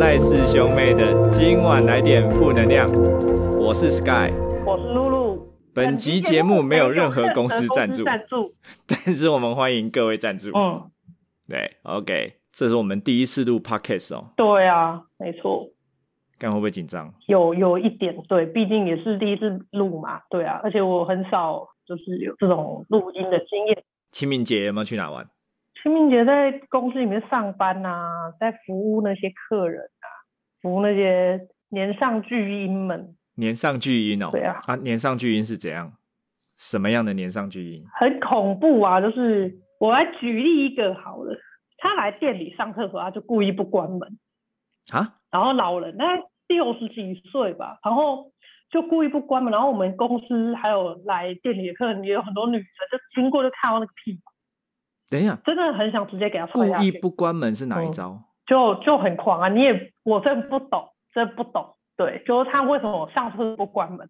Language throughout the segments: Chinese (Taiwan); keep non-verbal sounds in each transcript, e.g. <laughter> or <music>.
賴氏兄妹的今晚來點負能量，我是 Sky，我是露露。本集節目沒有任何公司贊助，贊助， <laughs> 但是我們歡迎各位贊助。嗯，對，OK，這是我們第一次錄 Podcast 哦。對啊，沒錯。看會不會緊張？有，有一點，對，畢竟也是第一次錄嘛。對啊，而且我很少就是有這種錄音的經驗。清明節有沒有去哪玩？清明節在公司裡面上班啊，在服務那些客人啊，服務那些年上巨嬰們。年上巨嬰哦。對啊。啊，年上巨嬰是怎樣？什麼樣的年上巨嬰？很恐怖啊！就是我來舉例一個好了。他來店裡上廁所，他就故意不關門。啊？然後老人那六十幾歲吧，然後就故意不關門，然後我們公司還有來店裡的客人也有很多女生，就經過就看到那個屁股。等一下，真的很想直接給他踹下去。故意不關門是哪一招？嗯、就就很狂啊！你也，我真不懂，真不懂。對，就是他為什麼我上廁所不關門？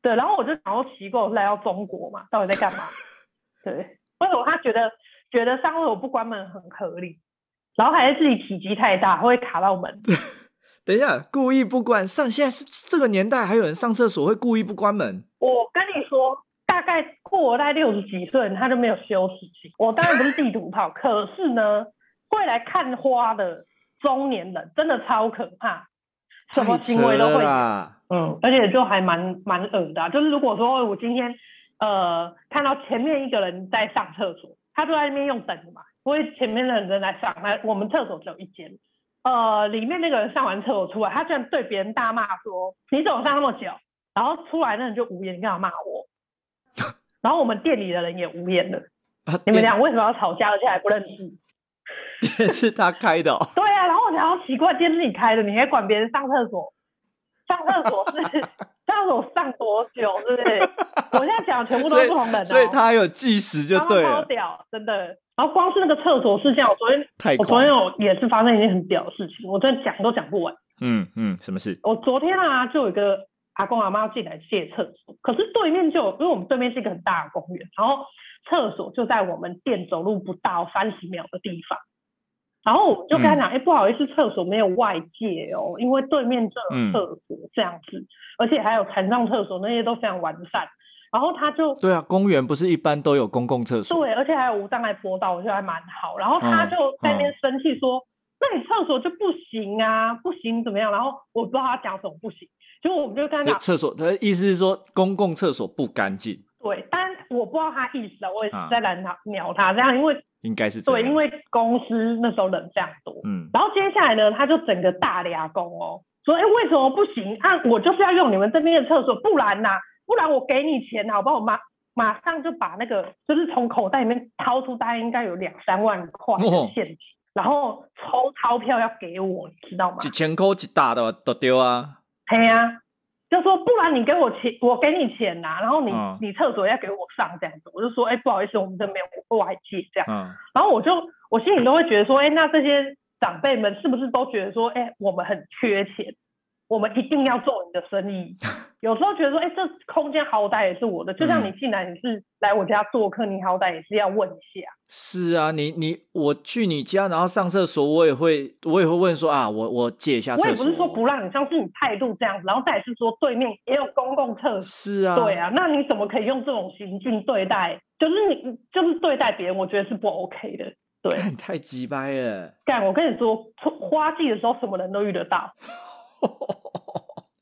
對，然後我就想說，奇怪我來到中國嘛，到底在幹嘛？ <laughs> 對，為什麼他覺得覺得上廁所不關門很合理？然後還是自己體積太大，會卡到門。 <laughs> 等一下，故意不關上，現在是這個年代還有人上廁所會故意不關門？我跟你說，大概。富二代六十幾歲，他就沒有羞恥心。我當然不是地圖炮， <laughs> 可是呢，會來看花的中年人真的超可怕，什麼行為都會。嗯，而且就還蠻蠻惡的、啊。就是如果說我今天呃看到前面一個人在上廁所，他就在那邊用等的嘛，所以前面的人來在上，來我們廁所只有一間，呃，裡面那個人上完廁所出來，他居然對別人大罵說：“你怎麼上那麼久？”然後出來那人就無言，你幹嘛罵我？然後我們店裡的人也無言了。啊、你們倆為什麼要吵架了？而且、啊、還不認識？也是他開的、哦。 <laughs> 對啊，然後我想說奇怪，店是你開的，你還管別人上廁所？上廁所是 <laughs> 上廁所上多久？對不對？ <laughs> 我現在講的全部都是不同的所，所以他有計時就對。超屌，真的。然後光是那個廁所事件，我昨天狂我昨天有也是發生一件很屌的事情，我真的講都講不完。嗯嗯，什麼事？我昨天啊，就有一個。阿公阿媽要進來借廁所，可是對面就有，因為我們對面是一個很大的公園，然後廁所就在我們店走路不到三十秒的地方。然後我就跟他講：“哎、嗯欸，不好意思，廁所沒有外借哦，因為對面就有廁所這樣子，嗯、而且還有殘障廁所那些都非常完善。”然後他就對啊，公園不是一般都有公共廁所？對，而且還有無障礙坡道，我覺得還蠻好。然後他就在那邊生氣說：“嗯嗯、那你廁所就不行啊，不行怎麼樣？”然後我不知道他講什麼不行。就我們就看到廁所，他的意思是說公共廁所不乾淨。對，但我不知道他意思啊，我也是在攔他、瞄他這樣，啊、因為應該是對，因為公司那時候人非常多，嗯。然後接下來呢，他就整個大牙工哦，說哎、欸、為什麼不行？啊，我就是要用你們這邊的廁所，不然吶、啊，不然我給你錢好不好？我馬馬上就把那個就是從口袋裡面掏出大概應該有兩三萬塊現金，哦、然後抽鈔票要給我，你知道嗎？幾千塊一沓的都丟啊。哎呀、 <noise> 啊，就說不然你給我錢，我給你錢吶、啊，然後你、嗯、你廁所要給我上這樣子，我就說哎、欸、不好意思，我們這沒有外借這樣，嗯、然後我就我心裡都會覺得說，哎、欸、那這些長輩們是不是都覺得說，哎、欸、我們很缺錢？我們一定要做你的生意。有時候覺得說，哎、欸，這空間好歹也是我的。就像你進來，你是來我家做客，你好歹也是要問一下。是啊，你你我去你家，然後上廁所，我也會我也會問說啊，我我借一下廁所。我也不是說不讓你，像是你態度這樣子，然後再是說對面也有公共廁所。是啊，對啊，那你怎麼可以用這種行徑對待？就是你就是對待別人，我覺得是不 OK 的。對，太急掰了。幹，我跟你說，花季的時候什麼人都遇得到。 <laughs>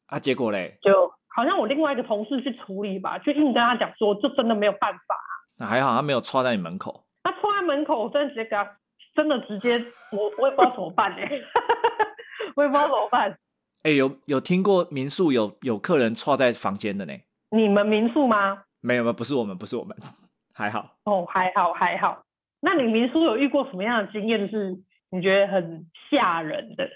啊，結果嘞，就好像我另外一個同事去處理吧，就硬跟他講說，就真的沒有辦法、啊。那還好，他沒有踹在你門口。他踹在門口，我真的直接給他，真的直接，我我也不知道怎麼辦呢，我也不知道怎麼辦。哎、 <laughs> 欸，有有聽過民宿有有客人踹在房間的呢？你們民宿嗎？沒有沒有，不是我們，不是我們，還好。哦，還好還好。那你民宿有遇過什麼樣的經驗、就是你覺得很嚇人的？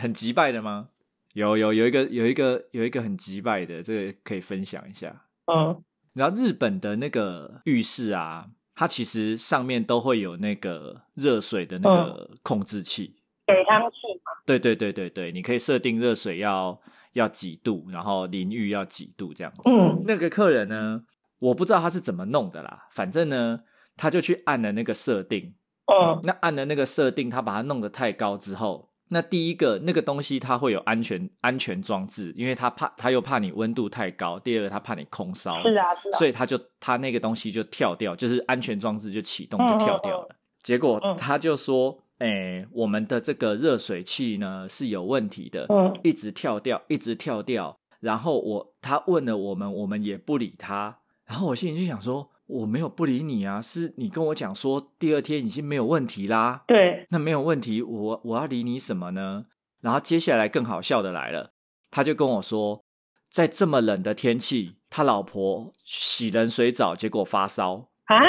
很擊敗的嗎？有有有一個有一個有一個很擊敗的，這個可以分享一下。嗯，然後日本的那個浴室啊，它其實上面都會有那個熱水的那個控制器，水溫器嘛。對對對對對，你可以設定熱水要要幾度，然後淋浴要幾度這樣子。嗯、那個客人呢，我不知道他是怎麼弄的啦，反正呢，他就去按了那個設定。哦、嗯，那按了那個設定，他把它弄得太高之後。那第一個那個東西它會有安全安全裝置，因為它怕，它又怕你溫度太高。第二個它怕你空燒。啊，是啊，所以它就它那個東西就跳掉，就是安全裝置就啟動就跳掉了。嗯嗯嗯。結果他就說：“哎、欸，我們的這個熱水器呢是有問題的，一直跳掉，一直跳掉。”然後我他問了我們，我們也不理他。然後我心裡就想說。我沒有不理你啊，是你跟我講說第二天已經沒有問題啦。對，那沒有問題，我我要理你什麼呢？然後接下來更好笑的來了，他就跟我說，在這麼冷的天氣，他老婆洗冷水澡，結果發燒啊。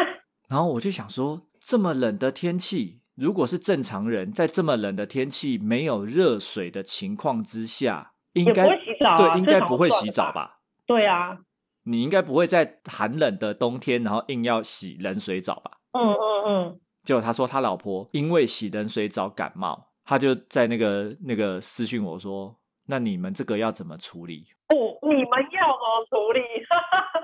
然後我就想說，這麼冷的天氣，如果是正常人，在這麼冷的天氣，沒有熱水的情況之下，應該不會洗澡，啊，對，應該不會洗澡吧？澡吧對啊。你應該不會在寒冷的冬天，然後硬要洗冷水澡吧？嗯嗯嗯。就、嗯嗯、果他說他老婆因為洗冷水澡感冒，他就在那個那個私訊我說，那你們這個要怎麼處理？哦，你們要怎麼處理？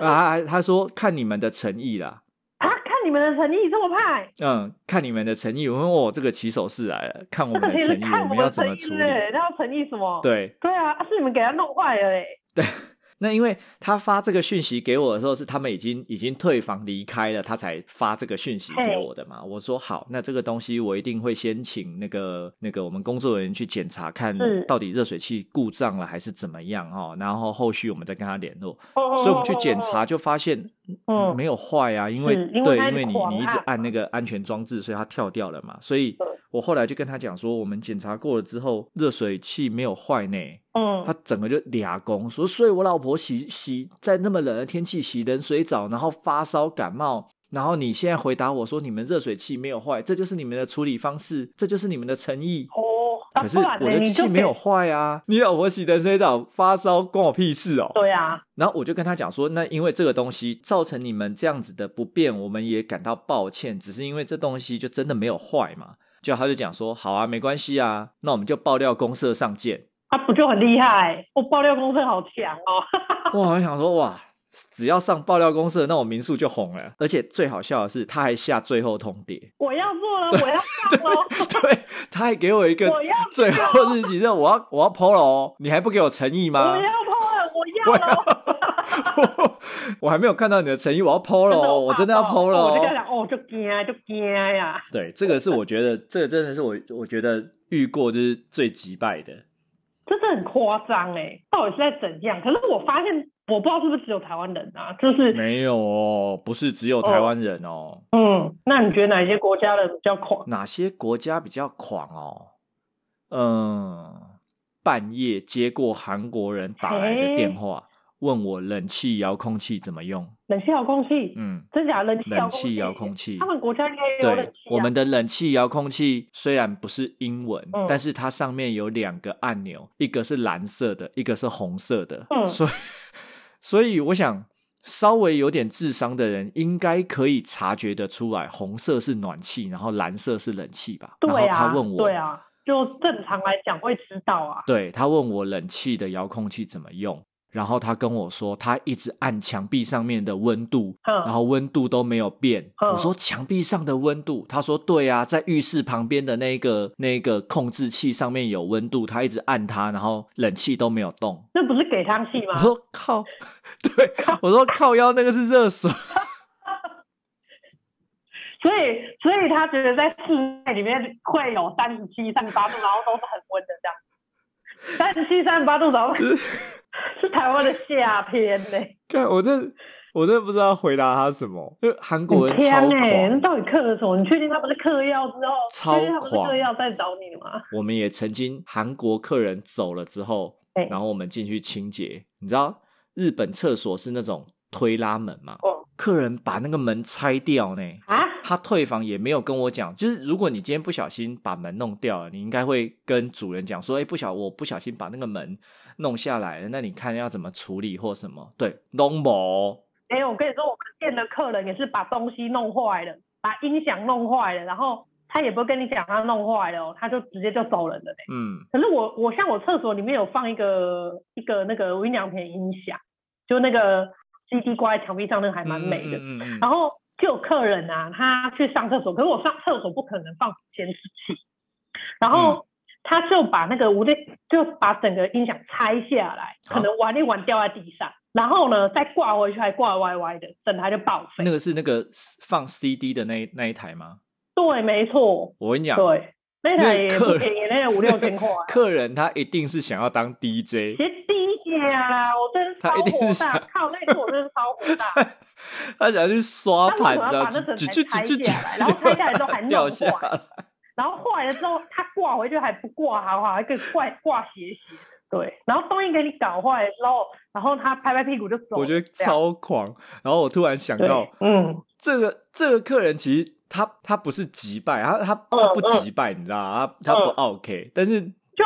<laughs> 啊,啊，他說看你們的誠意啦。啊，看你們的誠意，這麼快、欸。嗯，看你們的誠意。我說哦，這個騎手是來了，看我們的誠意，我們要怎麼處理？欸、那要誠意什麼？對，對啊，是你們給他弄壞了嘞、欸。對。 <laughs> 那因為他發這個訊息給我的時候，是他們已經已經退房離開了，他才發這個訊息給我的嘛。我說好，那這個東西我一定會先請那個那個我們工作人員去檢查，看到底熱水器故障了還是怎麼樣哦，然後後續我們再跟他聯絡。所以我們去檢查就發現。嗯，沒有壞啊，因為、嗯因為啊、對，因為你你一直按那個安全裝置，所以他跳掉了嘛。所以、嗯、我後來就跟他講說，我們檢查過了之後，熱水器沒有壞呢。嗯，他整個就抓狂說，所以我老婆洗洗在那麼冷的天氣洗冷水澡，然後發燒感冒，然後你現在回答我說，你們熱水器沒有壞，這就是你們的處理方式，這就是你們的誠意。哦可是我的機器沒有壞啊！啊你，你老婆洗的熱水澡發燒關我屁事哦！對啊，然後我就跟他講說，那因為這個東西造成你們這樣子的不便，我們也感到抱歉。只是因為這東西就真的沒有壞嘛，就他就講說，好啊，沒關係啊，那我們就爆料公社上見。他不就很厲害、欸？我爆料公社好強哦！ <laughs> 我好想說哇。只要上爆料公司，的那種民宿就紅了，而且最好笑的是他還下最後通牒，我要做了，我要做了 <laughs> ，對，他還給我一個最後日子，然後我要我要 PO 了，喔，你還不給我誠意嗎？我要 PO 了，我要 <laughs> <laughs> 我，我還沒有看到你的誠意，我要 PO 了，真我真的要 PO 了，我就這樣，我就驚就驚呀。啊、對，這個是我覺得，這個真的是我我覺得遇過就是最擊敗的，這是很誇張哎，到底是在怎樣？可是我發現。我不知道是不是只有台灣人啊？就是沒有哦，不是只有台灣人哦，哦。嗯，那你覺得哪些國家的比較狂？哪些國家比較狂哦？嗯，半夜接過韓國人打來的電話，嘿問我冷氣遙控器怎麼用？冷氣遙控器？嗯，真假的？冷氣遙控器？控器他們國家應該有對、啊、我們的冷氣遙控器雖然不是英文，嗯、但是它上面有兩個按鈕，一個是藍色的，一個是紅色的。嗯，所以。所以我想，稍微有點智商的人應該可以察覺得出來，紅色是暖氣，然後藍色是冷氣吧？對呀、啊。然後他問我，對啊，就正常來講會知道啊。對，他問我冷氣的遙控器怎麼用。然後他跟我說，他一直按牆壁上面的溫度，呵然後溫度都沒有變。呵我說牆壁上的溫度，他說對啊，在浴室旁邊的那個那個控制器上面有溫度，他一直按它，然後冷氣都沒有動。那不是給湯器嗎？我說靠，對，我說靠腰那個是熱水。 <laughs> 所以，所以他覺得在室內裡面會有三十七、三十八度，然後都是很溫的這樣。三十七、三十八度，然後 <laughs> 是台灣的夏天呢，欸，看我真我真不知道回答他什麼，就韓國人超狂。你，欸、到底嗑了什麼？你確定他不是嗑藥之後，超狂嗑藥在找你嗎？我們也曾經韓國客人走了之後，然後我們進去清潔，欸、你知道日本廁所是那種推拉門嘛？哦哇，客人把那個門拆掉呢，欸、啊？他退房也沒有跟我講，就是如果你今天不小心把門弄掉了，你應該會跟主人講說，哎，欸，不小，我不小心把那個門。弄下來了，那你看要怎麼處理或什麼？對，normal、哦欸。我跟你說，我們店的客人也是把東西弄壞了，把音響弄壞了，然後他也不跟你講他弄壞了、哦、他就直接就走人了、欸。嗯。可是我我像我廁所裡面有放一個一個那個無印良品音響，就那個 CD 掛在牆壁上那個還蠻美的。嗯，嗯，嗯。然後就有客人啊，他去上廁所，可是我上廁所不可能放監視器，然後、嗯。他就把那個無，我就就把整個音響拆下來，可能玩一玩掉在地上，啊、然後呢再掛回去還掛歪歪的，整台就報廢。那個是那個放 CD 的那那一台嗎？對，沒錯。我跟你講，對那台也不便宜，那個那個五六千塊、啊。客人他一定是想要當 DJ。DJ 啊，我真是超火大！靠，那台我真是超火大他。他想去刷盤子，把那整台拆下來， <laughs> 然後拆下來都還、啊、掉下來。然後壞了之後，他掛回去還不掛，好不好，還可以掛掛鞋對，然後東西給你搞壞，然後,之後然後他拍拍屁股就走了。我覺得超狂。樣然後我突然想到，嗯，這個這個客人其實他他不是擊敗，他他他不擊敗，嗯、你知道，他、嗯、他不 OK，但是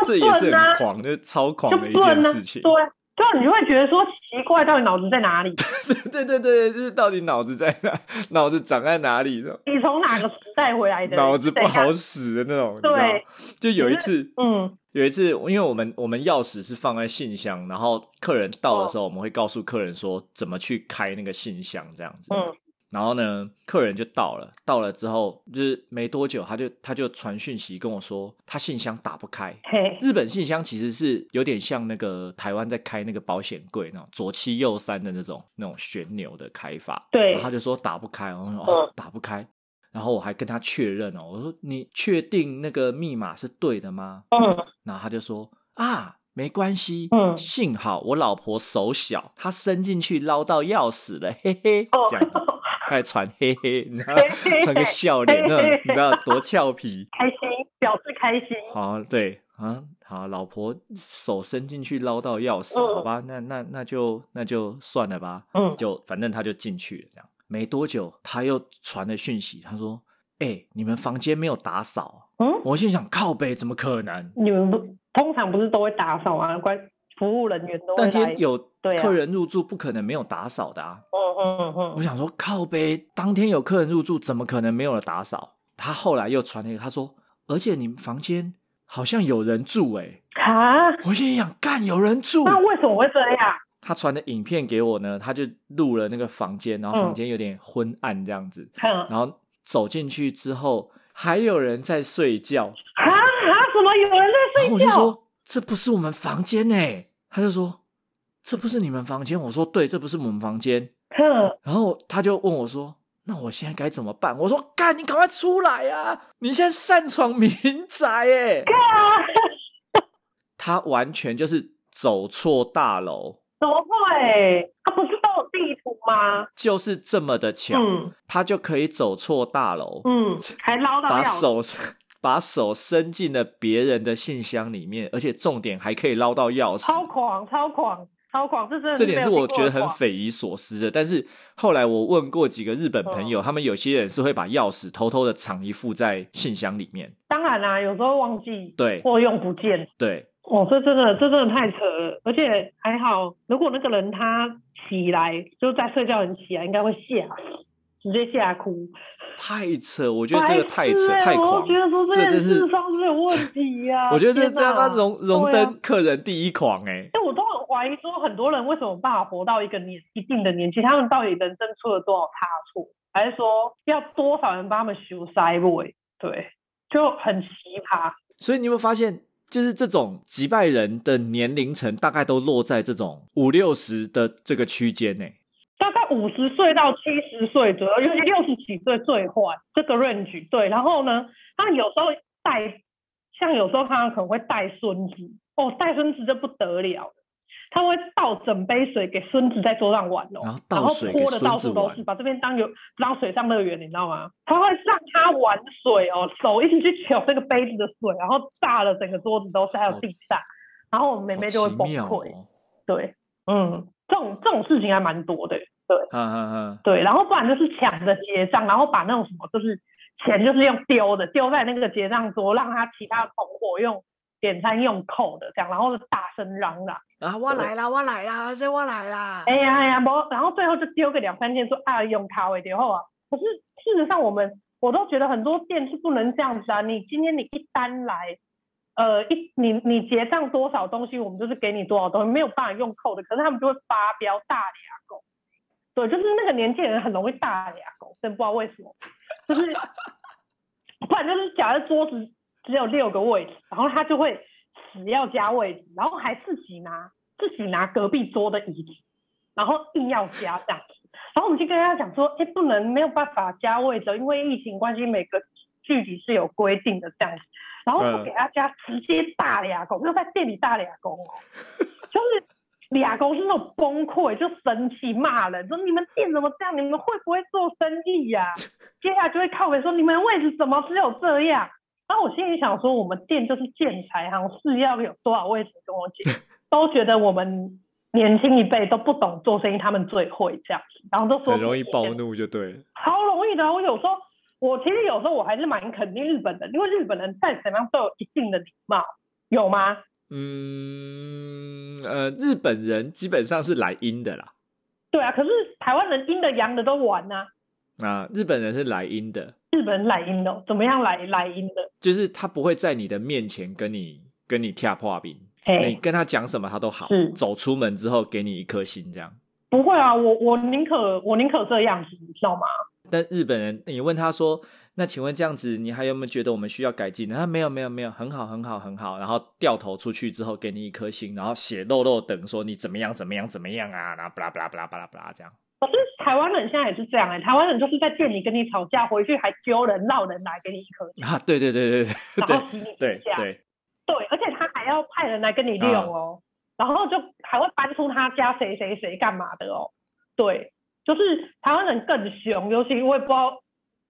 這也是很狂，就,、啊、就是超狂的一件事情。啊、對、啊。就你會覺得說奇怪，到底腦子在哪裡？對 <laughs> 對對對，就是到底腦子在哪，腦子長在哪裡呢？你從哪個時代回來的？腦子不好使的那種，對。就有一次，嗯，有一次，因為我們我們鑰匙是放在信箱，然後客人到的時候，我們會告訴客人說怎麼去開那個信箱，這樣子。嗯然後呢，客人就到了，到了之後就是沒多久，他就他就傳訊息跟我說，他信箱打不開。嘿日本信箱其實是有點像那個台灣在開那個保險櫃那種左七右三的那種那種旋鈕的開法。對，然後他就說打不開，我說、哦哦、打不開，然後我還跟他確認哦，我說你確定那個密碼是對的嗎？嗯、哦，然後他就說啊。沒關係，嗯，幸好我老婆手小，嗯、她伸進去撈到鑰匙了，嘿嘿。這樣子哦，快傳嘿嘿，然後傳個笑臉，那你知道多俏皮，開心表示開心。好，對啊，好，老婆手伸進去撈到鑰匙，嗯、好吧，那那那就那就算了吧，嗯，就反正她就進去了，這樣。沒多久，她又傳了訊息，她說：“哎、欸，你們房間沒有打掃。”嗯，我心想靠北，怎麼可能？你們不。通常不是都會打掃啊，關服務人員都會。當天有客人入住，不可能沒有打掃的啊。嗯嗯嗯，我想說靠北，當天有客人入住，怎麼可能沒有打掃？他後來又傳了一個，他說：“而且你們房間好像有人住哎、欸。哈”我也想，幹有人住？那為什麼會這樣？他傳的影片給我呢，他就錄了那個房間，然後房間有點昏暗這樣子。嗯、然後走進去之後，還有人在睡覺。哈嗯怎麼有人在睡覺？我就說這不是我們房間呢，他就說這不是你們房間。我說對，這不是我們房間。呵可，然後他就問我說：“那我現在該怎麼辦？”我說：“幹，你趕快出來呀，啊！你現在擅闖民宅，哎可，幹！”他完全就是走錯大樓，怎麼會？他，啊，不是有地圖嗎？就是這麼的強，嗯、他就可以走錯大樓。嗯，還把手。把手伸進了別人的信箱裡面，而且重點還可以撈到鑰匙，超狂超狂超狂！這真的，是的狂，這點是我覺得很匪夷所思的。但是後來我問過幾個日本朋友，哦、他們有些人是會把鑰匙偷偷的藏一副在信箱裡面。當然啦、啊，有時候忘記對或用不見對。哦，這真的這真的太扯了，而且還好，如果那個人他起來就在睡覺，人起來應該會嚇死直接嚇哭！太扯，我覺得這個太扯，欸、太狂。我覺得說這個智商是有問題呀，啊。這啊、我覺得這是這樣他榮榮、啊、登客人第一狂誒、欸。哎，我都很懷疑說，很多人為什麼有辦法活到一個年一定的年紀，他們到底人生出了多少差錯，還是說要多少人幫他們修塞路？哎，對，就很奇葩。所以你有沒有發現，就是這種擊敗人的年齡層，大概都落在這種五六十的這個區間內。大概五十歲到七十歲左右，尤其六十幾歲最壞。這個 range 對，然後呢，他有時候帶，像有時候他可能會帶孫子，哦，帶孫子就不得了了，他會倒整杯水給孫子在桌上玩哦，然後潑的到處都是，把這邊當遊當，當水上樂園，你知道嗎？他會讓他玩水哦，手一直去搶這個杯子的水，然後炸了整個桌子都是，還有地上，好然後我妹妹就會崩潰。哦、對，嗯。嗯。這種這種事情還蠻多的，對，嗯嗯嗯，對，然後不然就是搶着結賬，然後把那種什麼就是錢就是用丟的，丟在那個結賬桌，讓他其他同夥用點餐用扣的這樣，然後就大聲嚷嚷啊我來了，對，我來了，我來了，這我來了。哎呀哎呀不，然後最後就丟個兩三件，說啊用他，然後啊可是事實上我們我都覺得很多店是不能這樣子啊，你今天你一單來。呃，一，你你結賬多少東西，我們就是給你多少東西，沒有辦法用扣的。可是他們就會發飆，大牙狗。對，就是那個年輕人很容易大牙狗，真不知道為什麼。就是，不然就是假設桌子只有六個位置，然後他就會死要加位置，然後還自己拿自己拿隔壁桌的椅子，然後硬要加這樣子。然後我們就跟他講說，哎、欸，不能，沒有辦法加位置，因為疫情關係，每個。具體是有規定的這樣子，然後不給他家，直接大倆牙工，啊、就在店裡大倆牙工哦， <laughs> 就是倆工是那種崩潰，就生氣罵人，說你們店怎麼這樣，你們會不會做生意呀、啊？ <laughs> 接下來就會靠北說，你們位置怎麼只有這樣？然後我心裡想說，我們店就是建材行，是要有多少位置跟我講， <laughs> 都覺得我們年輕一輩都不懂做生意，他們最會這樣子，然後都說很容易暴怒就對了。好容易的，我有時候。我其實有時候我還是蠻肯定日本的，因為日本人再怎樣都有一定的禮貌，有嗎？嗯，呃，日本人基本上是來陰的啦。對啊，可是台灣人陰的陽的都玩啊啊，日本人是來陰的。日本來陰的，怎麼樣來來陰的？就是他不會在你的面前跟你跟你跳破冰，hey, 你跟他講什麼他都好，是走出門之後給你一顆心這樣。不會啊，我我寧可我寧可這樣子，你知道嗎？但日本人，你問他說：“那請問這樣子，你還有沒有覺得我們需要改進？”他沒有，沒有，沒有，很好，很好，很好。”然後掉頭出去之後，給你一顆星，然後寫漏漏等說你怎麼樣，怎麼樣，怎麼樣啊？然後巴拉巴拉巴拉巴拉，不啦這樣。可、啊、是，是台灣人現在也是這樣哎、欸，台灣人就是在店裡跟你吵架，回去還揪人鬧人來給你一顆星啊！對對對對對，對對，對，而且他還要派人來跟你用哦、喔，啊、然後就還會搬出他家誰誰誰幹嘛的哦、喔，對。就是台灣人更兇，尤其我也不知道，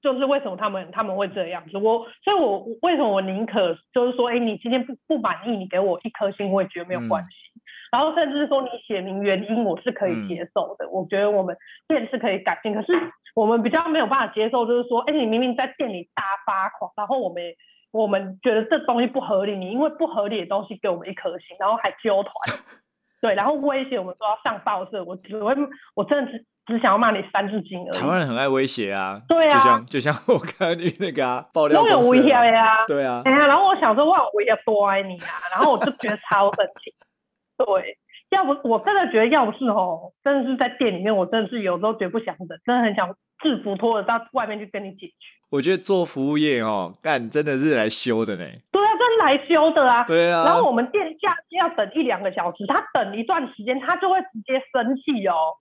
就是為什麼他們他們會這樣子。我所以，我為什麼我寧可就是說，哎、欸，你今天不不滿意，你給我一顆星，我也覺得沒有關係。嗯、然後甚至是說你寫明原因，我是可以接受的。嗯、我覺得我們店是可以改進，可是我們比較沒有辦法接受，就是說，哎、欸，你明明在店裡大發狂，然後我們我們覺得這東西不合理，你因為不合理的東西給我們一顆星，然後還揪團。 <laughs> 對，然後威脅我們說要上報社，我只會，我真的只只想要罵你三字經而已。台灣人很愛威脅啊，對啊，就像就像我剛剛那個啊爆料啊都有威脅呀、啊，對啊，對啊，然後我想說哇，威脅多愛你啊， <laughs> 然後我就覺得超生氣， <laughs> 對。要不我真的覺得，要不是哦、喔，真的是在店裡面，我真的是有時候絕不想等，真的很想制服脫了，到外面去跟你解決。我覺得做服務業哦、喔，幹真的是來修的呢。對啊，真是來修的啊。對啊。然後我們店家要等一兩個小時，他等一段時間，他就會直接生氣哦、喔，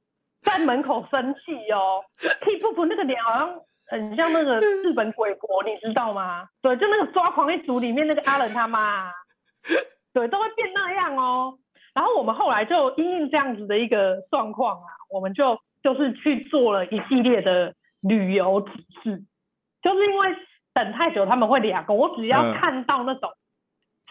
在門口生氣哦、喔。K 布布那個臉好像很像那個日本鬼國， <laughs> 你知道嗎？對，就那個抓狂一族裡面那個阿倫他媽， <laughs> 對，都會變那樣哦、喔。然後我們後來就因應這樣子的一個狀況啊，我們就就是去做了一系列的旅遊指示，就是因為等太久他們會兩個，我只要看到那種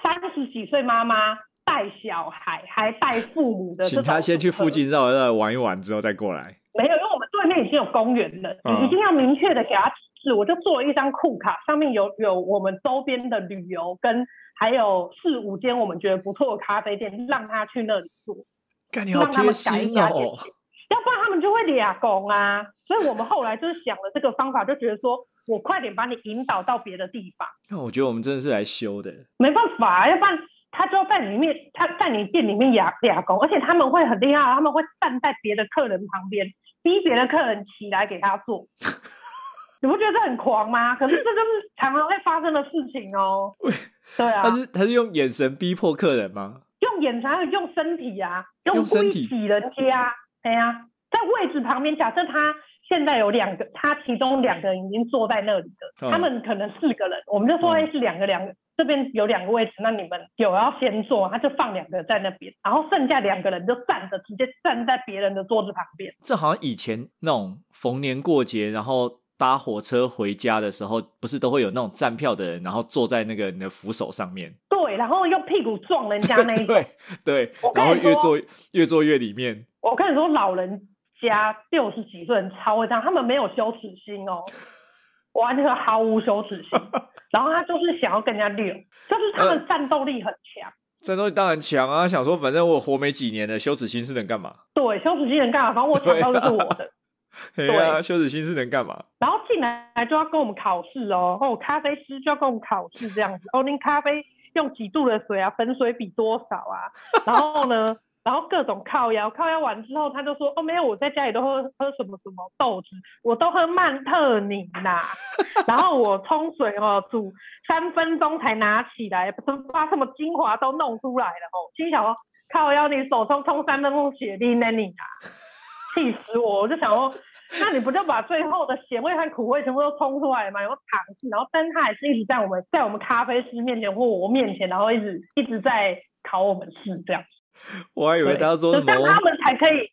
三十幾歲媽媽帶小孩還帶父母的，請他先去附近繞一繞玩一玩之後再過來。沒有，因為我們對面已經有公園了，你一定要明確的給他。我就做了一張酷卡，上面有有我們周邊的旅遊，跟還有四五間我們覺得不錯的咖啡店，讓他去那裡做，幹你好心哦、讓他們想一想，要不然他們就會倆工啊。所以我們後來就是想了這個方法， <laughs> 就覺得說我快點把你引導到別的地方。那我覺得我們真的是來修的，沒辦法、啊，要不然他就在裡面，他在你店裡面倆倆工，而且他們會很厲害，他們會站在別的客人旁邊，逼別的客人起來給他做。 <laughs> 你不覺得這很狂嗎？可是這就是常常會發生的事情哦、喔。對啊， <laughs> 他是他是用眼神逼迫客人嗎？用眼神，用身體啊，用擠人家、啊，哎呀、啊，在位置旁邊。假設他現在有兩個，他其中兩個人已經坐在那裡的，嗯、他們可能四個人，我們就說哎，是兩個，兩個這邊有兩個位置，那你們有要先坐，他就放兩個在那邊，然後剩下兩個人就站着，直接站在別人的桌子旁邊。這好像以前那種逢年過節，然後。搭火車回家的時候，不是都會有那種站票的人，然後坐在那個你的扶手上面，對，然後用屁股撞人家那一對對，然後越坐越坐越裡面。我跟你說，老人家六十幾歲人超會這樣，他們沒有羞恥心哦，完全毫無羞恥心， <laughs> 然後他就是想要跟人家聊，就是他們戰鬥力很強、呃，戰鬥力當然強啊。想說反正我活沒幾年了，羞恥心是能幹嘛？對，羞恥心能幹嘛？反正我搶到的是我的。對啊，對休止心是能幹嘛？然後進來就要跟我們考試哦，哦，咖啡師就要跟我們考試這樣子。哦，你咖啡用幾度的水啊？粉水比多少啊？ <laughs> 然後呢，然後各種靠腰。靠腰完之後，他就說：“哦，沒有，我在家裡都喝喝什麼什麼豆汁，我都喝曼特寧吶、啊、 <laughs> 然後我沖水哦，煮三分鐘才拿起來，不是把什麼精華都弄出來了哦。心想說，靠腰，你手沖沖三分鐘雪莉曼特寧你啊，氣死我！我就想說。 <laughs> <laughs> 那你不就把最後的鹹味和苦味全部都沖出來嗎？有糖，然後但他也是一直在我們在我們咖啡師面前或我面前，然後一直一直在考我們試這樣。我還以為他說什麼對，對就他們才可以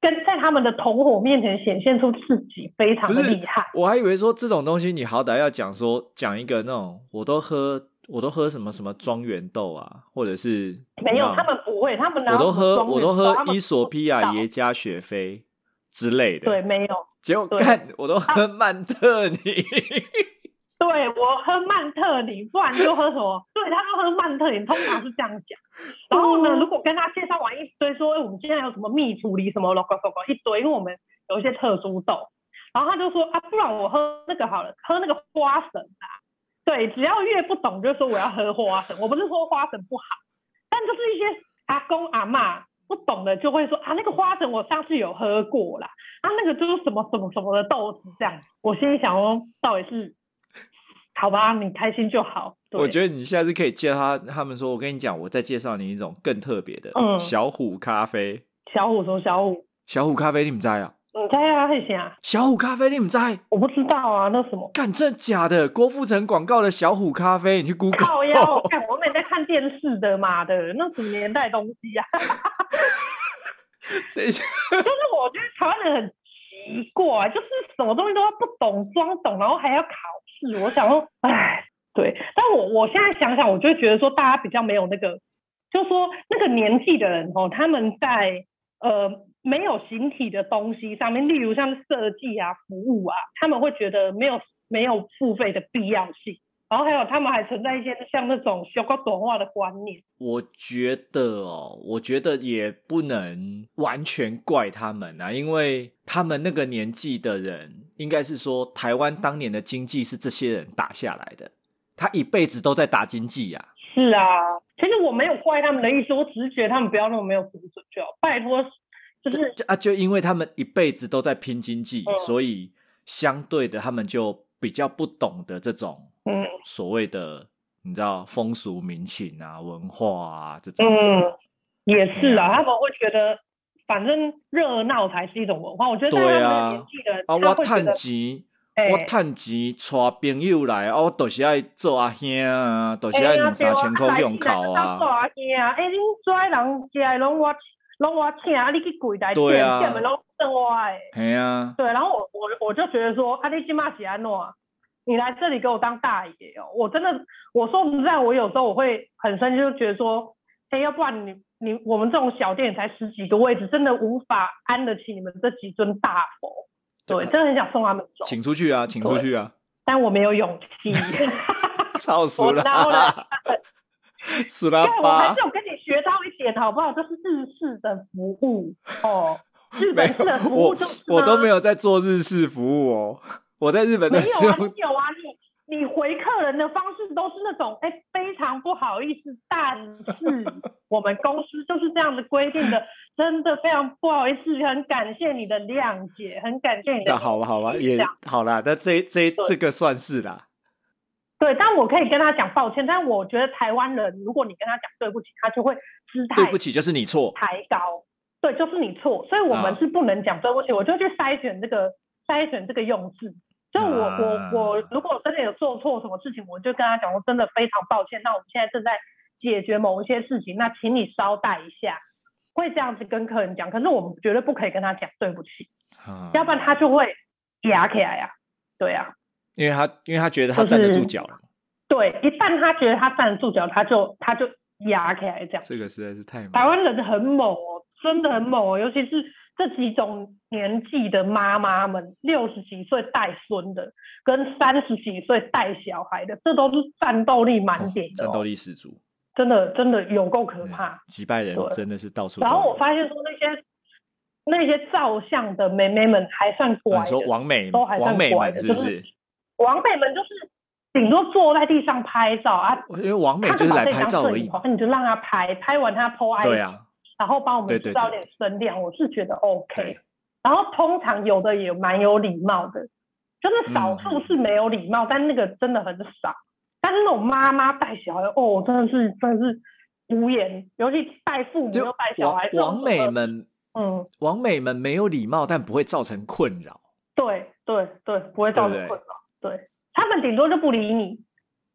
跟在他們的同夥面前顯現出自己非常的厲害。我還以為說這種東西你好歹要講說講一個那種我都喝我都喝什麼什麼莊園豆啊，或者是沒有，他們不會，他們拿我都喝我都喝，我都喝伊索比亞耶加雪菲。之類的，對，沒有。結果看對我都喝曼特寧，啊、對我喝曼特寧，不然就喝什麼？ <laughs> 對他都喝曼特寧，通常是這樣講。然後呢，如果跟他介紹完一堆說，說、欸、我們今天有什麼蜜處理什麼，咯咯咯咯一堆，因為我們有一些特殊豆。然後他就說啊，不然我喝那個好了，喝那個花神啊。對，只要越不懂，就說我要喝花神。我不是說花神不好，但就是一些阿公阿嬤，不懂的就會說啊，那個花神，我上次有喝過啦，啊，那個就是什麼什麼什麼的豆子這樣。我心裡想哦，到底是好吧，你開心就好。我覺得你現在是可以介紹他，他們說，我跟你講，我再介紹你一種更特別的小虎咖啡。嗯、小虎什麼小虎？小虎咖啡你們知啊？你猜啊，是啥？小虎咖啡，你唔知？我不知道啊，那什麼？幹，真的假的？郭富城廣告的小虎咖啡，你去 Google。好，我我沒在看電視的媽的，那什麼年代東西啊哈哈哈！ <laughs> <laughs> 就是我覺得台灣人很奇怪，就是什麼東西都要不懂裝懂，然後還要考試。我想說，哎，對。但我我現在想想，我就覺得說大家比較沒有那個，就是、說那個年紀的人哦，他們在。呃，沒有形體的東西上面，例如像設計啊、服務啊，他們會覺得沒有沒有付費的必要性。然後還有，他們還存在一些像那種修費短畫的觀念。我覺得哦，我覺得也不能完全怪他們啊，因為他們那個年紀的人，應該是說台灣當年的經濟是這些人打下來的，他一輩子都在打經濟呀、啊。是啊。其實我沒有怪他們的意思，我只是覺得他們不要那麼沒有素質就拜託，就是啊，就因為他們一輩子都在拼經濟，嗯、所以相對的，他們就比較不懂得這種所謂的、嗯、你知道風俗民情啊、文化啊這種。嗯，也是啊，他們會覺得反正熱鬧才是一種文化。我覺得他們年紀的、對啊、他會覺得、啊欸、我趁錢帶朋友來啊、哦，我都是愛做阿兄啊，都、就是愛拿、欸啊啊、三千塊用扣啊。我帶做阿兄啊。哎、欸，你這些人進來攏我攏我請啊，你去櫃台點點的攏等我哎。嘿呀、啊，欸對，啊、對，然後我我，我就覺得說，啊，你起碼是安啊，你來這裡給我當大爺哦、喔！我真的，我說實在，我有時候我會很生氣，就覺得說，哎、欸，要不然你你，你我們這種小店才十幾個位置，真的無法安得起你們這幾尊大佛。對，真的很想送他們走，請出去啊，請出去啊！對但我沒有勇氣，超屎 <laughs> <laughs> 了，拉巴我到了，死了吧！我還是有跟你學到一點，好不好？就是日式的服務哦，日本式的服務就是，我我都沒有在做日式服務哦，我在日本的日沒有啊，你有啊，你你回客人的方式都是那種，哎、欸，非常不好意思，但是我們公司就是這樣子規定的。真的非常不好意思，很感謝你的諒解，很感謝你的諒解。的好了好了，也好了，那這這對這個算是啦。對，但我可以跟他講抱歉，但我覺得台灣人，如果你跟他講對不起，他就會知道。對不起就是你錯抬高，對，就是你錯，所以我們是不能講對不起，啊、我就去篩選這個篩選這個用字。就我我我如果真的有做錯什麼事情，我就跟他講，我真的非常抱歉。那我們現在正在解決某一些事情，那請你稍待一下。會這樣子跟客人講，可是我們絕對不可以跟他講對不起，嗯、要不然他就會夾起來呀，對呀、啊，因為他因為他覺得他站得住腳了、就是，對，一旦他覺得他站得住腳，他就他就壓起來這樣。這個實在是太台灣人很猛哦、喔，真的很猛哦、喔，尤其是這幾種年紀的媽媽們，六十幾歲帶孫的，跟三十幾歲帶小孩的，這都是戰鬥力滿點的、喔哦，戰鬥力十足。真的真的有夠可怕，擊敗人真的是到處都有。然後我發現說那些那些照相的美眉們還算乖的，說網美都還算乖的，是不是就是網美們就是頂多坐在地上拍照啊，因為網美就是來拍照而已，那、啊、你就讓他拍，拍完他 po IG，對啊，然後幫我們制造點聲量，對對對我是覺得 OK。對然後通常有的也蠻有禮貌的，就是少數是沒有禮貌，嗯、但那個真的很少。但是那種媽媽帶小孩哦，真的是真的是無言，尤其帶父母又帶小孩，王美們，嗯，王美們沒有禮貌，但不會造成困擾。對對對，不會造成困擾。對，對，對，對，他們頂多就不理你，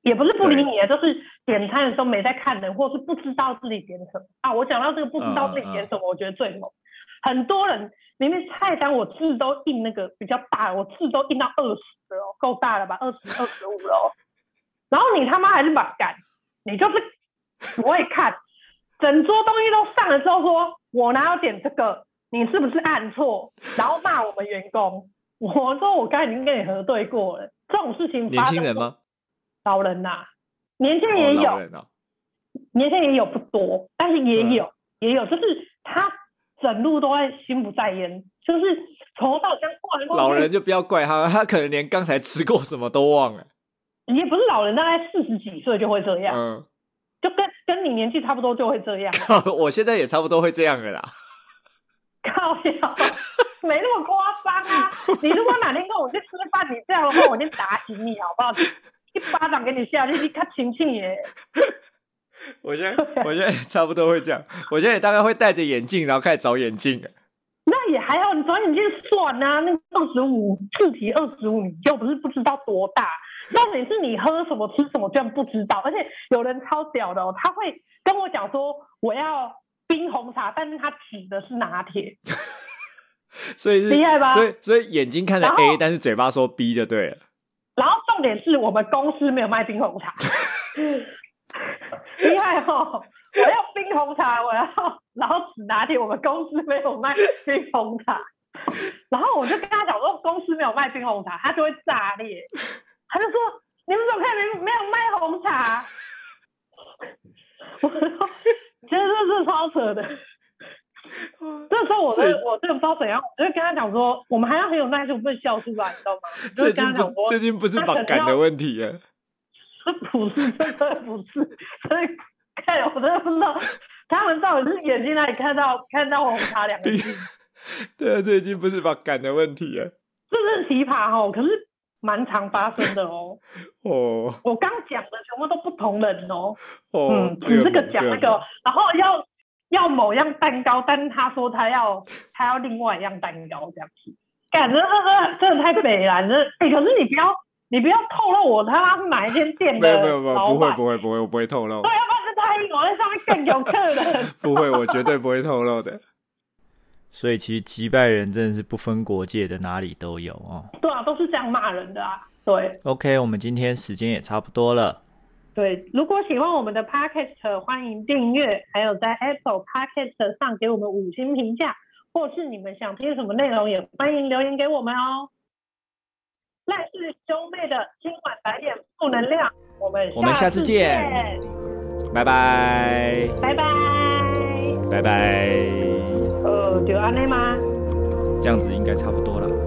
也不是不理你，對就是點餐的時候沒在看人，或是不知道自己點什麼啊。我講到這個不知道自己點什麼，嗯、我覺得最猛。嗯、很多人，明明菜單我字都印那個比較大，我字都印到二十哦，夠大了吧？二十，哦、二十五了。然後你他媽還是蠻敢，你就是不會看， <laughs> 整桌東西都上了之後說，我哪有點這個？你是不是按錯？然後罵我們員工。我說我剛才已經跟你核對過了，這種事情發。年輕人嗎？老人吶、啊，年輕人也有，哦啊、年輕人也有、嗯、也有不多，但是也有，嗯、也有，就是他整路都在心不在焉，就是從頭到剛過來過。老人就不要怪他，他可能連剛才吃過什麼都忘了。也不是老人，大概四十幾歲就會這樣，嗯、就跟跟你年紀差不多就會這樣。我現在也差不多會這樣的啦。搞笑，沒那麼誇張啊！ <laughs> 你如果哪天跟我去吃飯，你這樣的話，我就打醒你，好不好？ <laughs> 一巴掌給你下去，你看晴晴耶！我現在，對我現在差不多會這樣。我現在也大概會戴着眼鏡，然後開始找眼鏡。那也還好，你找眼鏡算吶、啊？那二十五字體，二十五，你又不是不知道多大。重點是你喝什麼吃什麼我居然不知道，而且有人超屌的哦，他會跟我講說我要冰紅茶，但是他指的是拿鐵， <laughs> 所以厲是害吧？所以所以眼睛看着 A，後但是嘴巴說 B 就對了。然後重點是我們公司沒有賣冰紅茶，厲 <laughs> 害哦！我要冰紅茶，我要然後指拿鐵，我們公司沒有賣冰紅茶，然後我就跟他講說公司沒有賣冰紅茶，他就會炸裂。他就說：“你們怎麼可以沒沒有賣紅茶？” <laughs> 我操，真的是超扯的。嗯、這時候我這我這不知道怎樣，我就跟他講說：“我們還要很有耐性，不能笑出來，你知道嗎？”最近不最近不是把感的問題耶？不是，真的不是，所以看我都不知道他們到底是眼睛哪裡看到看到紅茶兩個字。對啊，這已經不是把感的問題了。這是奇葩哈、哦，可是。蠻常發生的哦，哦，oh, 我剛講的全部都不同人哦，oh, 嗯，你這個講那個，然後要要某樣蛋糕，但是他說他要他要另外一樣蛋糕這樣子，感覺，呵呵，真的太美了，這哎、 <laughs> 欸，可是你不要你不要透露我他是哪一間店的沒，沒有沒有不不會不會不會，我不會透露，對，要不然就太容易在上面更有客人。 <laughs> 不會，我絕對不會透露的。所以其實擊敗人真的是不分國界的，哪裡都有哦。對啊，都是這樣罵人的啊。對。OK，我們今天時間也差不多了。對，如果喜歡我們的 Podcast，歡迎訂閱，還有在 ApplePodcast 上給我們五星評價，或是你們想聽什麼內容，也歡迎留言給我們哦。賴氏兄妹的今晚來點負能量，我們我們下次見，拜拜，拜拜，拜拜。呃，就按呢嗎？這樣子應該差不多了。